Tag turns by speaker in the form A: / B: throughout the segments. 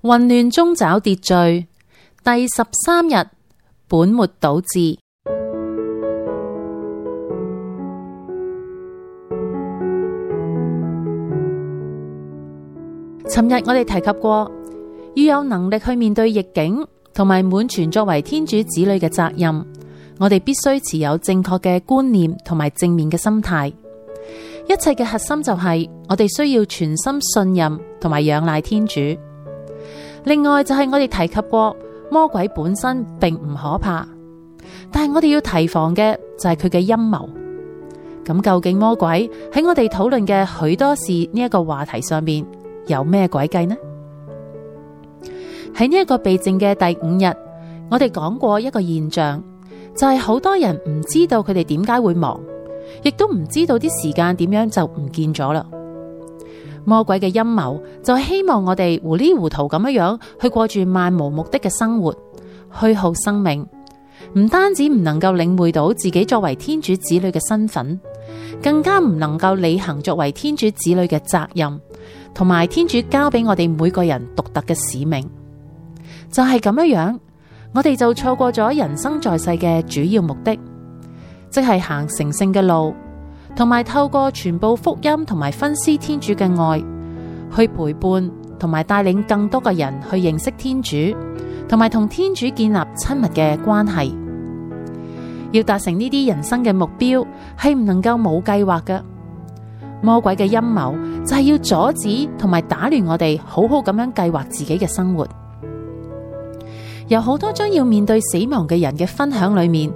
A: 混亂中找秩序。第十三日，本末倒置。尋日我哋提及過，要有能力去面對逆境，同埋滿全作為天主子女嘅責任。我哋必須持有正確嘅觀念，同埋正面嘅心態。一切嘅核心就係，我哋需要全心信任，同埋仰賴天主。另外就係我哋提及過，魔鬼本身並唔可怕，但係我哋要提防嘅就係佢嘅陰謀。咁究竟魔鬼喺我哋討論嘅許多事呢一個話題上面有咩詭計呢？喺呢一個避靜嘅第五日，我哋講過一個現象，就係、是、好多人唔知道佢哋點解會忙，亦都唔知道啲時間點樣就唔見咗啦。魔鬼嘅陰謀就希望我哋糊裏糊塗咁樣樣去過住漫無目的嘅生活，虛耗生命，唔單止唔能夠領會到自己作為天主子女嘅身份，更加唔能夠履行作為天主子女嘅責任，同埋天主交俾我哋每個人獨特嘅使命，就係咁樣樣，我哋就錯過咗人生在世嘅主要目的，即係行成聖嘅路。同埋透過傳佈福音同埋分施天主嘅愛，去陪伴同埋帶領更多嘅人去認識天主，同埋同天主建立親密嘅關係。要達成呢啲人生嘅目標，係唔能夠冇計劃㗎。魔鬼嘅陰謀就係要阻止同埋打亂我哋好好咁樣計劃自己嘅生活。由好多將要面對死亡嘅人嘅分享裏面，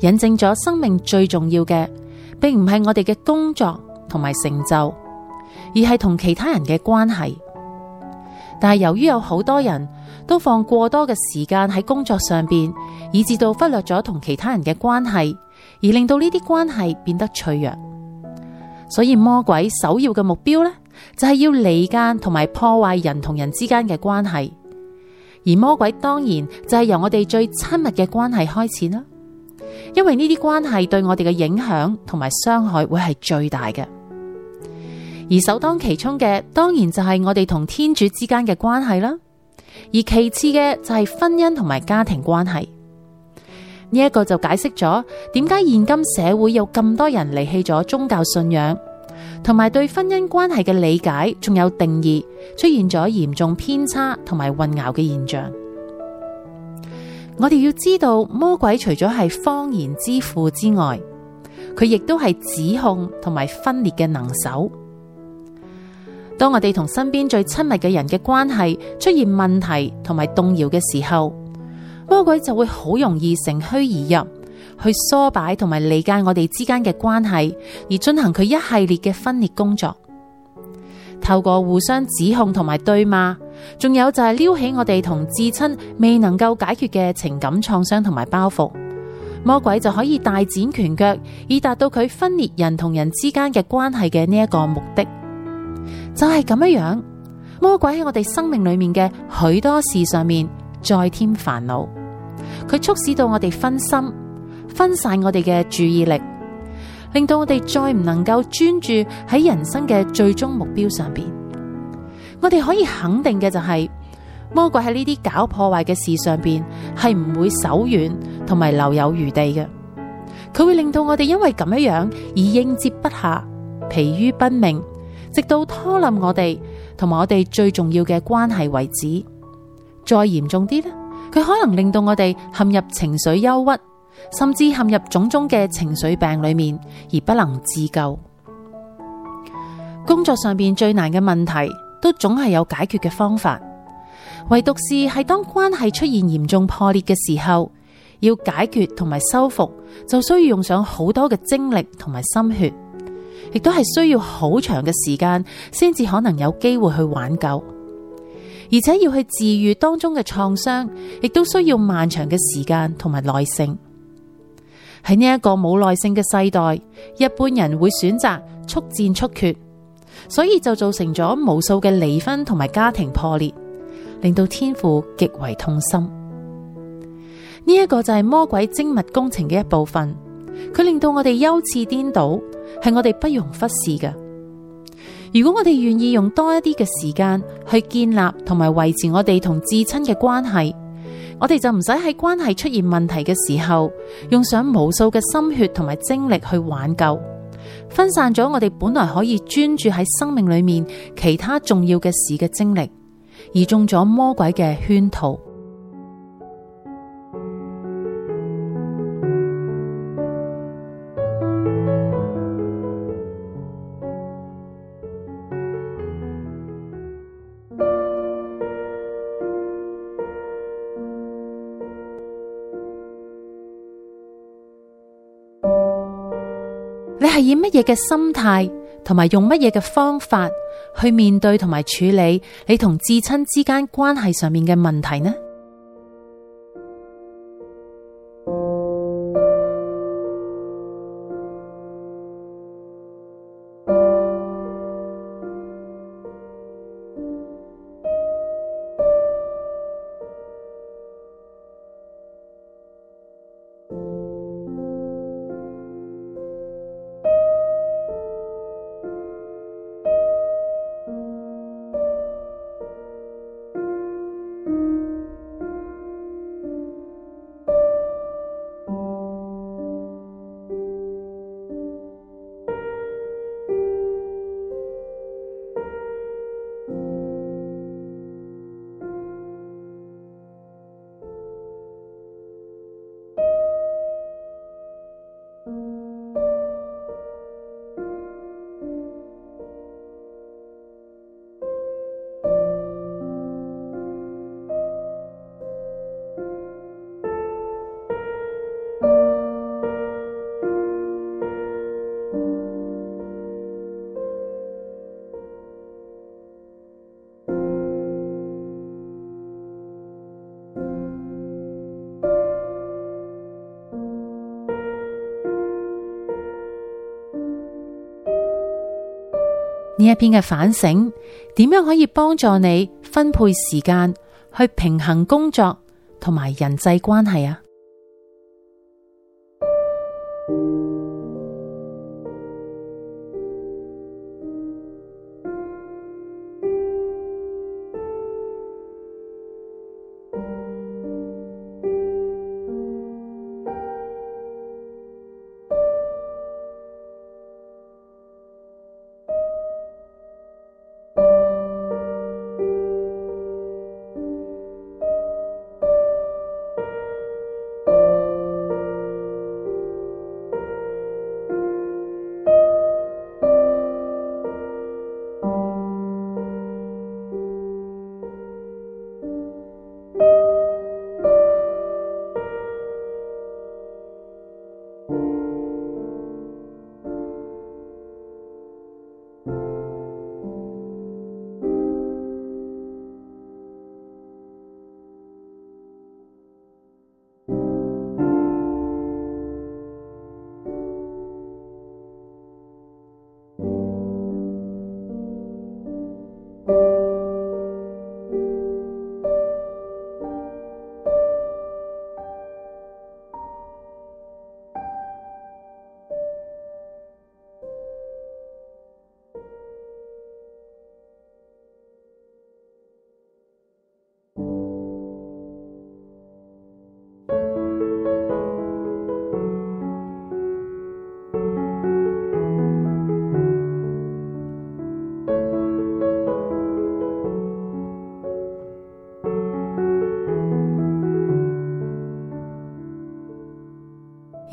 A: 印證咗生命最重要嘅。並唔係我哋嘅工作同埋成就，而係同其他人嘅關係。但係由於有好多人都放過多嘅時間喺工作上邊，以致到忽略咗同其他人嘅關係，而令到呢啲關係變得脆弱。所以魔鬼首要嘅目標咧，就係要離間同埋破壞人同人之間嘅關係。而魔鬼當然就係由我哋最親密嘅關係開始啦。因為呢啲關係對我哋嘅影響同埋傷害會係最大嘅，而首當其衝嘅當然就係我哋同天主之間嘅關係啦，而其次嘅就係婚姻同埋家庭關係。呢一個就解釋咗點解現今社會有咁多人離棄咗宗教信仰，同埋對婚姻關係嘅理解仲有定義，出現咗嚴重偏差同埋混淆嘅現象。我哋要知道，魔鬼除咗係謊言之父之外，佢亦都係指控同埋分裂嘅能手。當我哋同身邊最親密嘅人嘅關係出現問題同埋動搖嘅時候，魔鬼就會好容易乘虛而入，去唆擺同埋離間我哋之間嘅關係，而進行佢一系列嘅分裂工作，透過互相指控同埋對罵，仲有就係撩起我哋同至親未能夠解決嘅情感創傷同埋包袱，魔鬼就可以大展拳腳，以達到佢分裂人同人之間嘅關係嘅呢一個目的。就係咁樣，魔鬼喺我哋生命裏面嘅許多事上面再添煩惱，佢促使到我哋分心，分散我哋嘅注意力，令到我哋再唔能夠專注喺人生嘅最終目標上邊。我哋可以肯定嘅就係魔鬼喺呢啲搞破壞嘅事上邊係唔會手軟，同埋留有餘地嘅。佢會令到我哋因為咁樣樣而應接不暇，疲於奔命，直到拖冧我哋同埋我哋最重要嘅關係為止。再嚴重啲咧，佢可能令到我哋陷入情緒憂鬱，甚至陷入種種嘅情緒病裏面，而不能自救。工作上邊最難嘅問題，都總係有解決嘅方法，唯獨是係當關係出現嚴重破裂嘅時候，要解決同埋修復，就需要用上好多嘅精力同埋心血，亦都係需要好長嘅時間，先至可能有機會去挽救，而且要去治癒當中嘅創傷，亦都需要漫長嘅時間同埋耐性。喺呢一個冇耐性嘅世代，一般人會選擇速戰速決。所以就造成咗無數嘅離婚同埋家庭破裂，令到天父極為痛心。呢一個就係魔鬼精密工程嘅一部分，佢令到我哋優次顛倒，係我哋不容忽視嘅。如果我哋願意用多一啲嘅時間去建立同埋維持我哋同至親嘅關係，我哋就唔使喺關係出現問題嘅時候，用上無數嘅心血同埋精力去挽救。分散咗我哋本來可以專注喺生命裏面其他重要嘅事嘅精力，而中咗魔鬼嘅圈套。係以乜嘢嘅心態同埋用乜嘢嘅方法去面對同埋處理你同摯親之間關係上面嘅問題呢？一篇嘅反省，點樣可以幫助你分配時間去平衡工作同埋人際關係啊？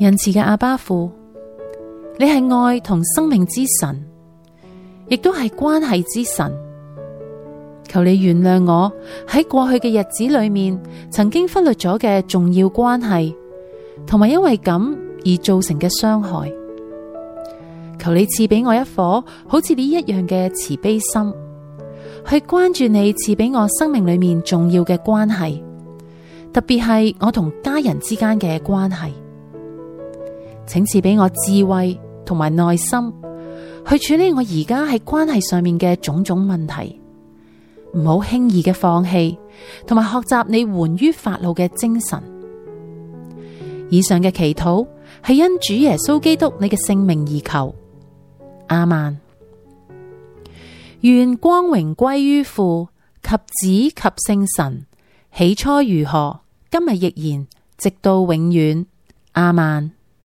A: 仁慈嘅阿爸父，你係愛同生命之神，亦都係關係之神。求你原諒我喺過去嘅日子裏面曾經忽略咗嘅重要關係，同埋因為咁而造成嘅傷害。求你賜俾我一顆好似你一樣嘅慈悲心，去關注你賜俾我生命裏面重要嘅關係，特別係我同家人之間嘅關係。請賜俾我智慧同埋耐心去處理我而家喺關係上面嘅種種問題，唔好輕易嘅放棄，同埋學習你援於法老嘅精神。以上嘅祈禱係因主耶穌基督你嘅聖名而求。亞孟。願光榮歸於父及子及聖神，起初如何，今日亦然，直到永遠。亞孟。